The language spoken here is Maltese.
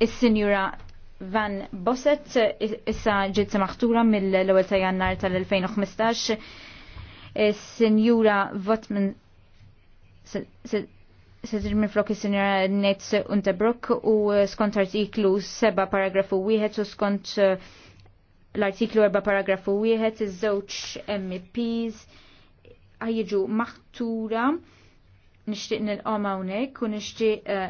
Is-Sinjura Van Bosset issa ġiet maħtura mill-ewwel ta' Jannar tal-2015. Is-Sinjura Votman Sedir minn is-Sinjura Nets Unterbrook u skont artiklu 7 paragrafu 1 u skont uh, l-artiklu 4 paragrafu 1 iż-żewġ MPs ħajġu maħtura nixtieq nilqom hawnhekk u nixtieq uh,